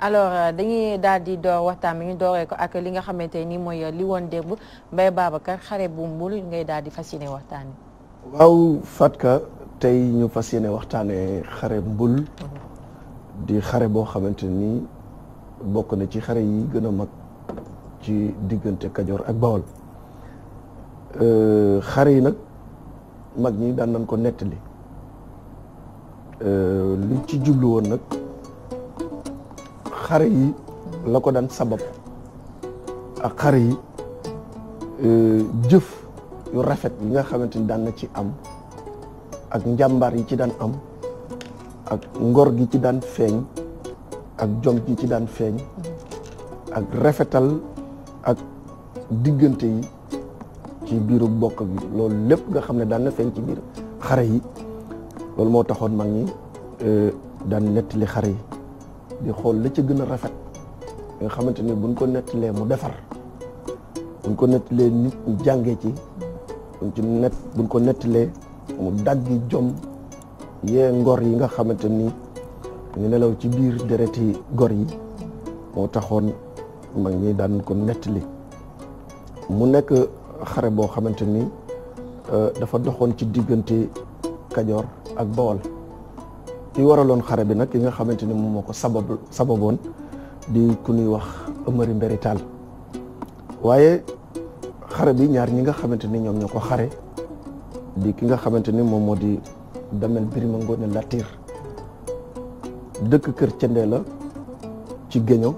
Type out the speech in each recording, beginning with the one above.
alors euh, dañuy daal di door waxtaan mi ñu dooree ko ak li nga xamante nii mooy euh, li woon démb Mbaye Babacar xare bu mbul ngay daal di fas waxtaan waxtaane waaw Fatka tey ñu fas yéene waxtaanee xare mbul mhm. di xare boo xamante ni bokk na ci xare yi gën a mag ci diggante Kajoor ak Bawol euh, xare yi nag mag ñi daan nañ ko nettali liñ ci jublu woon nag xare yi la ko daan sabab ak xare yi euh, jëf yu rafet yi nga xamante ni daan na ci am ak njàmbaar yi ci daan am ak ngor gi ci daan feeñ ak jom gi ci daan feeñ ak rafetal ak diggante yi ci biiru bokk bi loolu lépp nga xam ne daan na ci xare yi loolu moo taxoon mag ñi euh, daan nettali xare yi di xool la ca gën a rafet nga xamante ni buñ ko nettalee mu defar buñ ko nettalee nit ñu jàngee ci buñ ci ko nettalee mu daggi jom yee ngor yi nga xamante ni ñu nelaw ci biir dereti gor yi moo taxoon mag ñi daan ko nettali mu nekk xare boo xamante ni euh, dafa doxoon ci diggante Kajoor ak Bawol ki waraloon xare bi nag ki nga xamante ni moom moo ko sabab sababoon di ku ñuy wax Amari Mbéri Tall waaye xare bi ñaar ñi nga xamante ni ñoom ñoo ko xare di ki nga xamante ni moom moo di Damel Birima Ngoone Latiir dëkk kër Cendee la ci Géño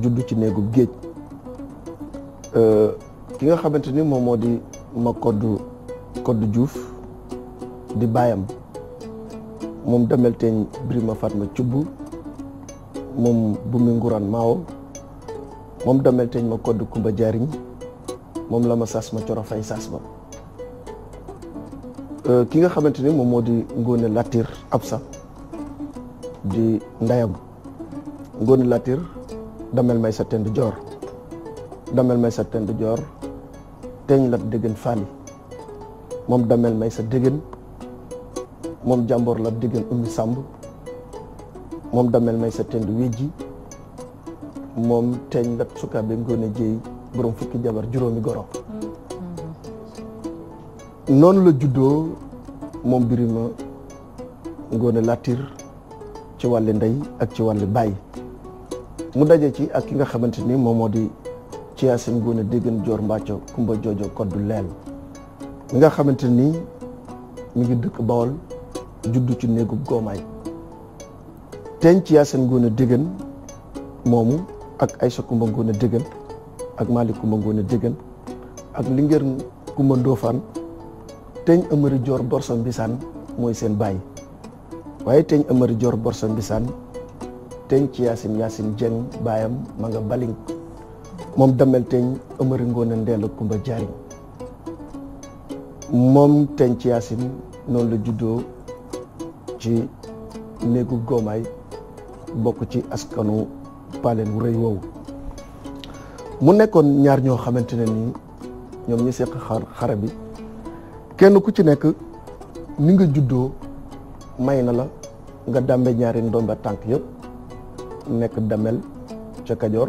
juddu ci néegu géej euh, ki nga xamante ni moom moo di ma koddu koddu Diouf di baayam moom mum damelteñ ma fatma cubbu mum bumi nguran mawo mom damelteñ ma koddu kumba jariñ moom la ma sas ma coro fay sas ba euh, ki nga xamante ni moom moo di ngoone Ngone ab Absa di ndayam Ngone Latir damel may sa tend joor damel may sa tend joor teeñ lat dëgën faali moom damel may sa dëgën moom jàmboor la diggan ummi sàmb moom damel may sa tend wejji moom teeñ lat sukaabe ngoone jéey borom fukki jabar juróomi goro noonu la juddoo moom birima ngoone latir ci wàllu ndey ak ci wàllu baay mu daje ci ak ki nga xamante ni moom moo di ci yaasin ngoone déggan joor mbàcco kumba joojo koddu leel mi nga xamante ni mi ngi dëkk bawol juddu ci néegub goomaay teeñ ci Yaasin Ngoone Déggan moomu ak Aysa Kumba Ngoone Déggan ak Maalik Kumba Ngoone Déggan ak Lingeer Kumba Ndoofaan teeñ Amari Joor Borso Mbisaan mooy seen bàyyi waaye teeñ Amari Joor Borso Mbisaan teeñ ci Yaasin Yaasin Jeng baayam ma nga Baling moom damel teeñ Amari Ngoone Ndeel Kumba Jaariñ moom teeñ ci Yaasin noonu la juddoo ci néegu goomaay bokk ci askanu paaleen wu rëy woowu mu nekkoon ñaar ñoo xamante ne nii ñoom ñi seq xare bi kenn ku ci nekk ni nga juddoo may na la nga dàmbe ñaari ndomba tànk yëpp nekk damel ca Kajoor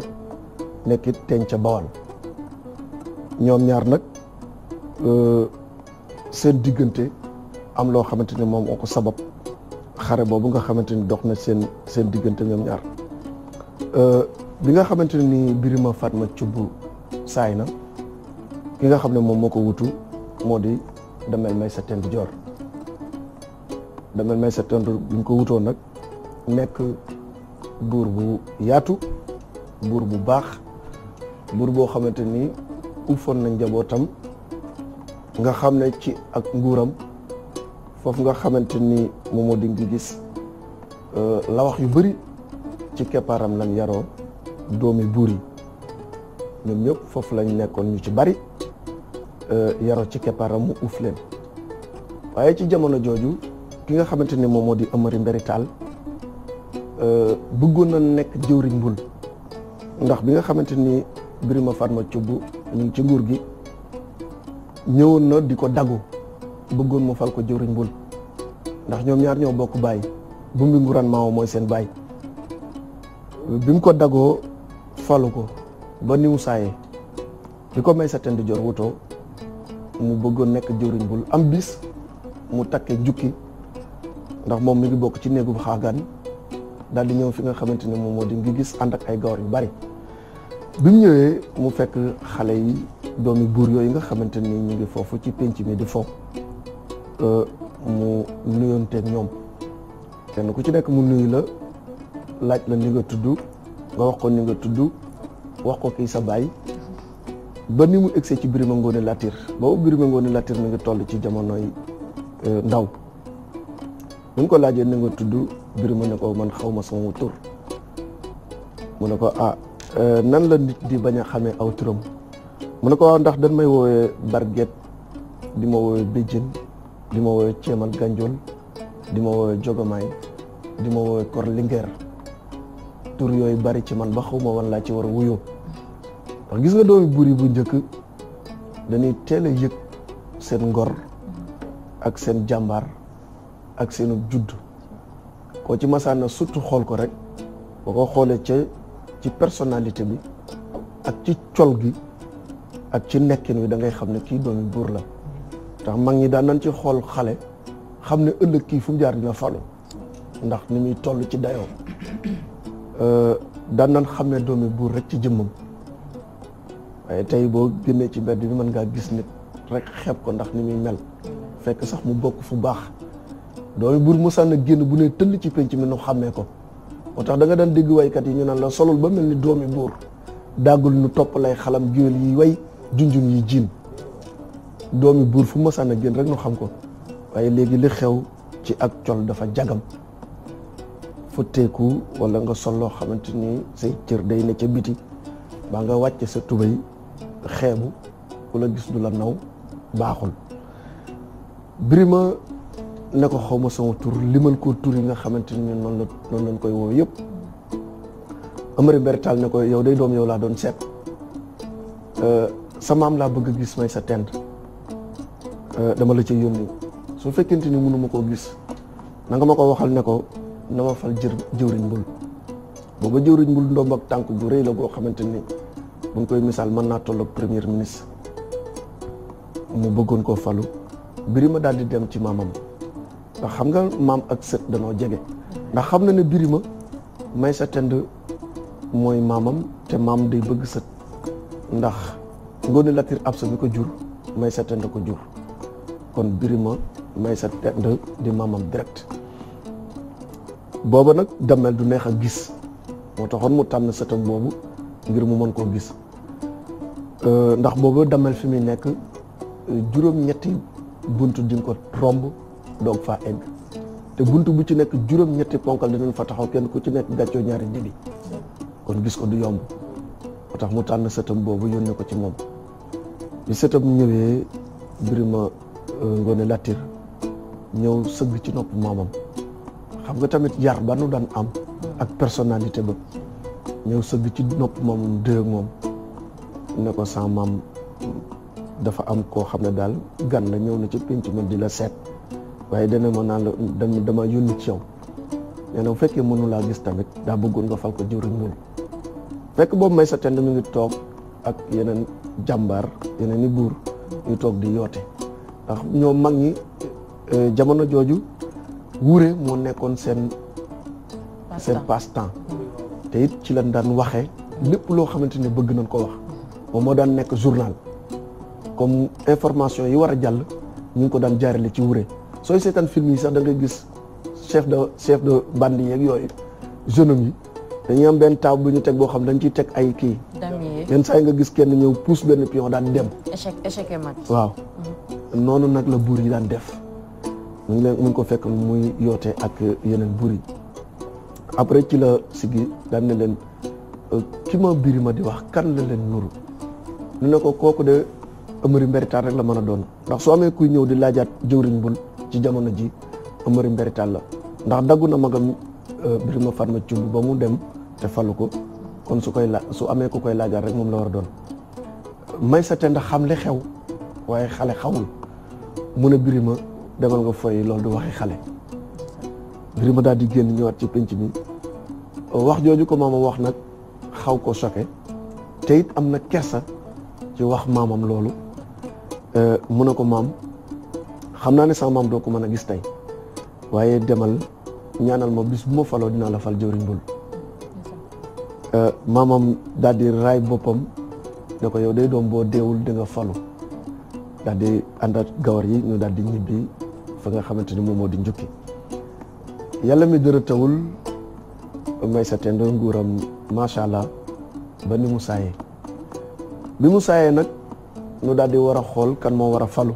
nekkit teeñ ca Bawal ñoom ñaar nag euh, seen diggante am loo xamante ne moom moo ko sabab xare boobu nga xamante ni dox na seen seen diggante ñoom ñaar euh, bi nga xamante ni Birima Fatma Thioub saay na ki nga xam ne moom moo ko wutu moo di Damel Maysa Tend Joor Damel Maysa Tend bi ñu ko wutoo nag nekk buur bu yaatu buur bu baax buur boo xamante ni ufoon na njabootam nga xam ne ci ak nguuram foofu nga xamante ni moom moo di gis euh, la wax yu bëri ci keppaaram lañ yaroo doomi buur yi ñoom ñëpp foofu lañ nekkoon ñu ci bari euh, yaroo ci keppaaram mu uuf leen waaye ci jamono jooju ki nga xamante ni moom moo di Amari Mbéri Tall euh, bëggoon na nekk jëwriñ mbul ndax bi nga xamante ni Birima Fatma Thioub ñu ngi ci nguur gi ñëwoon na di ko daggu bëggoon mu fal ko jëwriñ bul ndax ñoom ñaar ñoo bokk bàyyi bu mbi nguran maawo mooy seen bàyyi bi mu ko dagoo falu ko ba ni mu saayee bi ko may sa tend jor wutoo mu bëggoon nekk jëwriñ bul am bis mu takkee jukki ndax moom mu ngi bokk ci néegu xaagaan daal di ñëw fi nga xamante ne moom moo di ngi gis ànd ak ay gawar yu bari bi mu ñëwee mu fekk xale yi doomi buur yooyu nga xamante ni ñu ngi foofu ci penc mi di foofu mu nuyonteeg ñoom kenn ku ci nekk mu nuyu la laaj la ni nga tudd nga wax ko ni nga tudd wax ko kii sa baay ba ni mu egsee ci Birima Ngóone Latir boobu Birima Ngóone Latir mi ngi toll ci jamonoy euh, ndaw bu ko laajee ni nga tudd Birima ne ko man xaw ma sama tur mu ne ko ah euh, nan la nit di bañ a xamee aw turam mu ne ko waaw ah, ndax dañ may woowee barget di ma woowee béjjën di ma woowee Ceeman Ganjoon di ma woowee Jogomaay di ma woowee Kor Linguère tur yooyu bari ci man ba xaw ma wan laa ci war a wuyoo ndax gis nga doomi buur yi bu njëkk dañuy teel a yëg seen ngor ak seen jàmbaar ak seenu judd koo ci masaan na surtout xool ko rek boo ko xoolee ca ci personnalité bi ak ci col gi ak ci nekkin wi da ngay xam ne kii doomi buur la ndax mag ñi daan nañ ci xool xale xam ne ëllëg kii fu mu jaar dina falu ndax ni muy toll ci dayoo euh, daan nañ xam ne doomi buur rek ci jëmmam waaye tey boo génnee ci mbedd bi mën ngaa gis nit rek xeeb ko ndax ni muy mel fekk sax mu bokk fu baax doomi buur mu na génn bu ne tëll ci penc mi nu xàmmee ko moo tax da nga daan dégg waykat yi ñu naan la solul ba mel ni doomi buur daggul nu topp lay xalam géwél yi way junjun yi jiin doomi buur fu masaan a génn rek nu xam ko waaye léegi li xew ci ak col dafa jagam fëtteeku wala nga sol loo xamante ni say cër day ne ca biti baa nga wàcce sa tubéy xeebu ku la gis du la naw baaxul Birima ne ko xaw ma sama tur limal koo tur yi nga xamante ni noonu la noonu lañ koy woow yëpp Amari Bertal ne ko yow day doom yow laa doon seet euh, sa maam laa bëgg a gis may sa tend Euh, dama la ci yónni su fekkente ni mënu koo gis na nga ma ko waxal ne ko na ma fal jër jëwriñ mbul booba jëwriñ mbul ndomb ak tànk bu rëy la goo xamante ni buñ koy misaal mën naa toll ak premier ministre mu bëggoon koo falu birima daal di dem ci maamam ndax xam nga maam ak sët danoo jege ndax xam na ne birima may sa tend mooy maamam te maam day bëgg sët ndax ngoone latir absa mi ko jur may sa tend ko jur kon Birima may sa tend di maamam direct boobu nag damel du neex a gis moo taxoon mu tànn sëtam boobu ngir mu mën koo gis euh, ndax booba damel fi muy nekk juróom-ñetti bunt di nga ko romb doog faa egg te bunt bu ci nekk juróom-ñetti ponkal dinañ fa taxaw kenn ku ci nekk gàccoo ñaari dibi kon gis ko du yomb moo tax mu tànn sëtam boobu yónnee ko ci moom bi sëtam ñëwee Birima Ngoné Latyr ñëw sëgg ci nopp maamam xam nga tamit yar ba nu daan am ak personnalité ba ñëw sëgg ci nopp maamam dëgg moom ne ko sa maam dafa am koo xam ne daal gan la ñëw na ci pénc ma di la seet waaye dana ma naan la dama yónni ci yow nee na fekkee mënu laa gis tamit daa bëggoon nga fal ko jëwriñ ñun fekk boobu may sa tend mu ngi toog ak yeneen jàmbaar yeneen i buur ñu toog di yoote ndax ñoom mag ñi euh, jamono jooju wure moo nekkoon seen seen passe-temps te it ci lañ daan waxee lépp loo xamante ne bëgg nañ ko wax moom moo daan nekk journal comme information yi war a jàll ñu ngi ko daan jaarale ci wuure sooy seetaan film yi sax da nga gis chef de chef de bande yeeg yooyu jeunes yi dañu am benn taaw bu ñu teg boo xam dañ ciy teg ay kii yenn saa yi nga gis kenn ñëw pousse benn pion daan dem waaw mhm. noonu nag la buur yi daan def mu ko fekk muy yoote ak yeneen buur après ci la sigi daan ne leen euh, ki ma biri ma di wax kan la leen nuru ñu ne ko kooku de Amari Mberitaan rek la mën a doon ndax su amee kuy ñëw di laajaat jëwriñ bun ci jamono ji Amari Mberitaan la ndax daggu na magam euh, Birima Fatma Thioub ba mu dem te falu ko kon su koy la su amee ku koy laajaat rek moom la war a doon may sa te ndax xam li xew waaye xale xamul mun a birima demal nga foyi loolu du waxi xale birima daal di génn ñëwaat ci pénc bi wax jooju ko maamam wax nag xaw ko choqué te it am na kersa ci wax maamam loolu euh, mu ne ko maam xam naa ne sama maam doo ko mën a gis tey waaye demal ñaanal ma bis bu ma faloo dinaa la fal jëwriñ bul euh, maamam daal di raay boppam ne ko yow day doom boo deewul danga nga falu daal di ànd ak gawar yi ñu daal di ñibbi fa nga xamante ni moom moo di njukki yàlla mi dara tawul may sa tend nguuram macha allah ba ni mu saayee bi mu saayee nag ñu daal di war a xool kan moo war a falu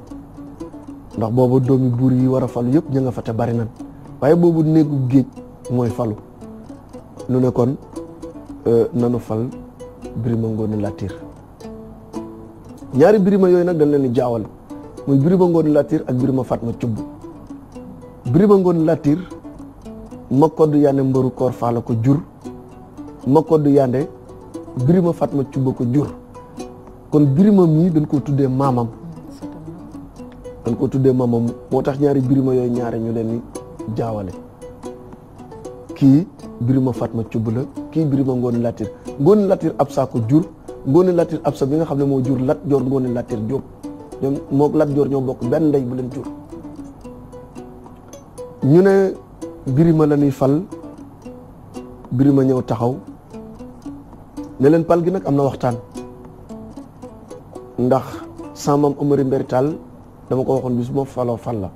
ndax boobu doomi buur yi war a falu yëpp ñu nga fa te bari nan waaye boobu néegu géej mooy falu nu ne kon euh, nanu fal Birima Ngóone Latiir ñaari birima yooyu nag dañ leen di jaawale muy birima ngoon Latir ak birima ma Cubb birima ngoon Latir ma kodd yande mbaru koor faala ko jur ma kodd yande birima Fatma Cubb ko jur kon birima mii dañ koo tuddee maamam dañ koo tuddee maamam moo tax ñaari birima yooyu ñaare ñu leen di jaawale kii birima Fatma Cubb la kii birima ngoon Latir ngoon Latir ab saa ko jur Ngoone Latir Absa bi nga xam ne moo jur Lat Joor Ngoone Latir Jóob ñoom moog Lat Joor ñoo bokk benn ndey bu leen jur ñu ne birima la ñuy fal birima ñëw taxaw ne leen pal gi nag am na waxtaan ndax samam Omari Mbéri Tall dama ko waxoon bis bu ma faloo fal la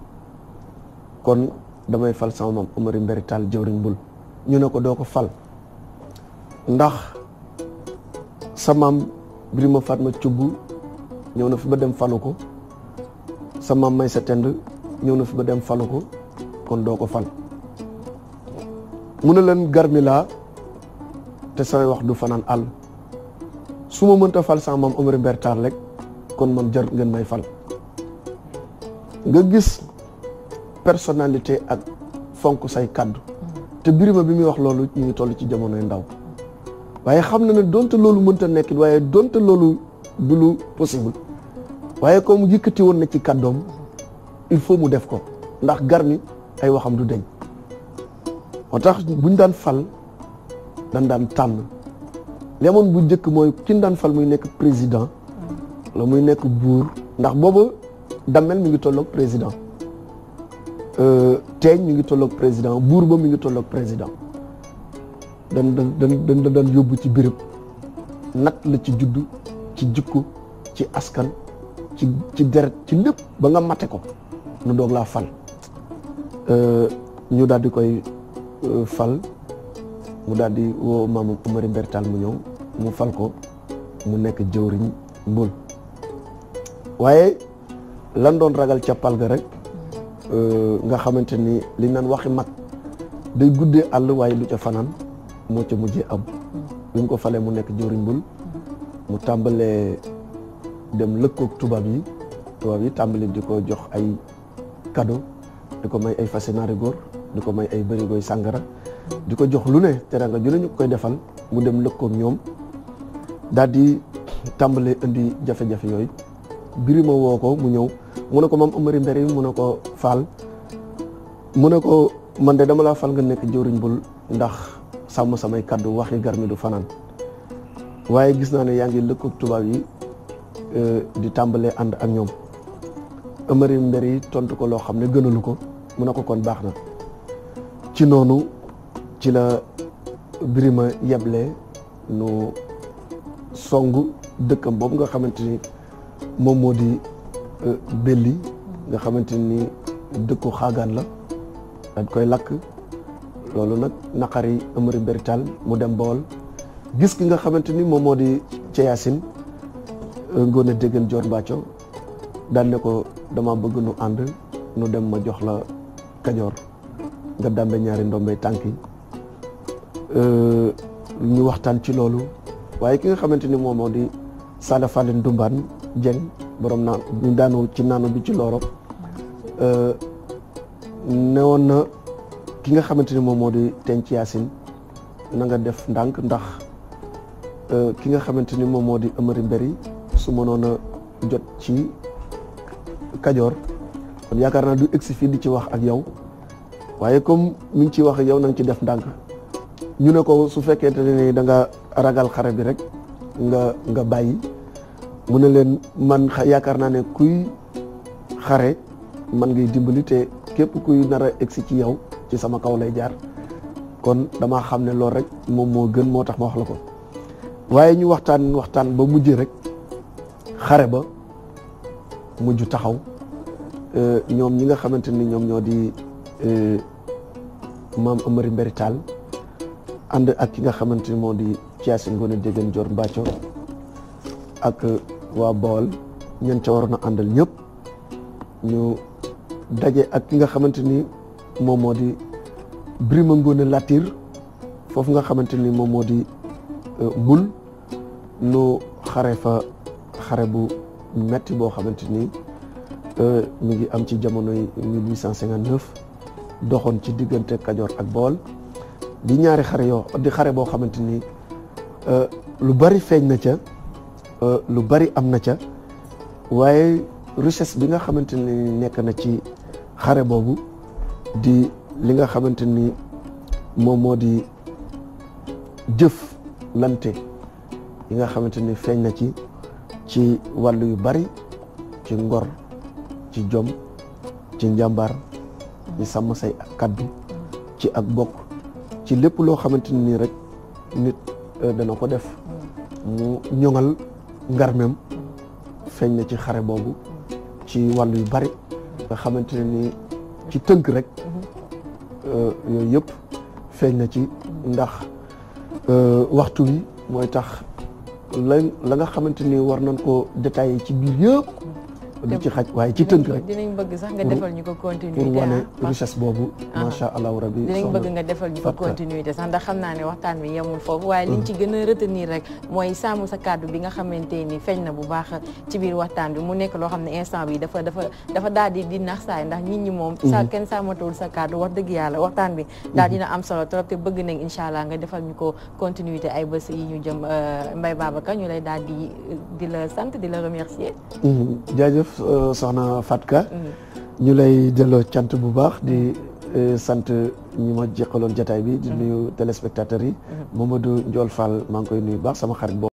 kon damay fal samam Omari Mbéri Tall jëwriñ bul ñu ne ko doo ko fal ndax sa maam Birima Fatma Thioub ñëw na fi ba dem falu ko sa may sa tend ñëw na fi ba dem falu ko kon doo ko fal mu ne leen garmi laa te sa wax du fanaan àll su ma mënta fal sa maam Omar Mbertar kon man jar ngeen may fal nga gis personnalité ak fonk say kàddu mm. te Birima bi muy wax loolu ñu ngi toll ci jamonoy ndaw waaye xam na ne donte loolu mënta nekk waaye donte loolu du lu possible waaye comme yëkkati woon na ci kàddoom il faut mu def ko ndax Garmi ay waxam du deñ moo tax buñ daan fal dañ daan tànn li amoon bu njëkk mooy kin daan fal muy nekk président la muy nekk buur ndax booba dammel mu ngi tolloog président euh, teeñ mi ngi tolloog président buur ba mi ngi tolloog président dañ dañ dañ daan yóbbu ci béréb nag la ci juddu ci jikko ci askan ci ci deret ci lépp ba nga mate ko nu doog laa fal ñu daal di koy euh, fal mu daal di woo maam Umari Mbertal mu ñëw mu fal ko mu nekk jëwriñ Mbul waaye lan doon ragal ca pal ga rek euh, nga xamante ni li naan waxi mat day guddee àll waaye lu ca fanaan moo ca mujjee am bi mu ko falee mu nekk jëwriñ bul mu tàmbalee dem lëkkook tubaab yi tubaab yi tàmbali di ko jox ay cadeau di ko may ay fase naari góor di ko may ay bërigoy sàngara di ko jox lu ne teranga nga ne ñu koy defal mu dem lëkkoog ñoom daal di tàmbalee indi jafe-jafe yooyu birima woo ko mu ñëw mu ne ko maam Amari Mbere mu ne ko faal mu ne ko man de dama laa fal nga nekk jëwriñ bul ndax sàmm samay kaddu waxi garmi du fanaan waaye gis naa ne yaa ngi lëkkoog tubaab yi euh, di tàmbalee ànd ak ñoom ëmëri mber yi tontu ko loo xam ne gënalu ko mu ne ko kon baax na ci noonu ci la Birima yeble nu song dëkkam boobu nga xamante ni moom moo di euh, Belli nga xamante ni dëkku xaagaan la dañ koy lakk loolu nag naqari Amari Bertal mu dem Bawol gis ki nga xamante ni moom moo di Ceyaasin euh, Ngoone Déggan Joor Mbacco daan ne ko dama bëgg nu ànd nu dem ma jox la Kajoor nga dàmbe ñaari ndombay tànk yi euh, ñu waxtaan ci loolu waaye ki nga xamante ni moom moo di Saala Fallène Dumbaan Jeng borom naan ñu daanu ci naanu bi ci Loro euh, newoon na ki nga xamante ni moom moo di Tenth Yassin na def ndànk ndax euh, ki nga xamante ni moom moo di Amary Berry su mënoon a jot ci Kajoor kon yaakaar naa du egsi fii di ci wax ak yow waaye comme mi ngi ciy wax yow na nga ci def ndànk ñu ne ko su fekkente ne da nga ragal xare bi rek nga nga bàyyi mu ne leen man yaakaar naa ne kuy xare man ngay dimbali te képp kuy nar a egsi ci yow ci sama kaw lay jaar kon dama xam ne loolu rek moom moo gën moo tax ma wax la ko waaye ñu waxtaan waxtaan ba mujjee rek xare ba mujj taxaw euh, ñoom ñi nga xamante ni ñoom ñoo di euh, maam Amari Mbéri Tall ànd ak ki nga xamante ni moo di Thiassy Ngoné Diegane Dior Mbacco ak euh, waa Bawol ñen ca waroon a àndal ñëpp ñu daje ak ki nga xamante ni moom moo di Birima Ngone Latir foofu nga xamante ni moom moo di euh, Mbul nu xare fa xare bu metti boo xamante ni euh, mi ngi am ci jamonoy 1859 doxoon ci diggante Kajoor ak bool di ñaari xare yoo di xare boo xamante ni euh, lu bari feeñ na ca lu bari am na ca waaye richesse bi nga xamante ni nekk na ci xare boobu di li nga xamante ni moom moo di jëf lante yi nga xamante ni feeñ na ci ci wàll yu bari ci ngor ci jom ci njàmbaar ci sàmm say ak kaddu ci ak bokk ci lépp loo xamante nii rek nit euh, dana ko def mu ñoŋal ngarmem feeñ na ci xare boobu ci wàll yu bari nga xamante ne ci tënk rek euh, yooyu yëpp feeñ na ci ndax euh, waxtu wi mooy tax la la nga xamante ni war nañ ko détaillé ci biir yëpp li ci xaj waaye ci tënk rek dinañ bëgg sax nga defal ñu ko continuité pour wane ah, richesse ah, bëgg nga defal ñu continuité sax ndax xam naa ne waxtaan bi yemul foofu waaye liñ ci gën a retenir rek mooy sàmm sa kàddu bi nga xamante ni feeñ na bu baax ci biir waxtaan mu nekk loo xam ne instant bi dafa dafa dafa daal di di saay ndax nit ñi moom mhm. kenn sàmmatawul sa kàddu wax dëgg yàlla waxtaan bi daal dina am solo trop te bëgg nañ incha allah nga defal ñu ko continuité ay bés yi ñu jëm euh, Mbaye Babacar ñu lay daal di di la sant di la remercier mhm. jërëjëf euh, soxna Fatka ñu lay delloo cant bu baax di euh, sant ñi ma jeqaloon jataay bi di mm-hmm. nuyu téléspectateurs yi mm-hmm. Mamadou Ndiol Fall maa ngi koy nuyu baax sama xarit boobu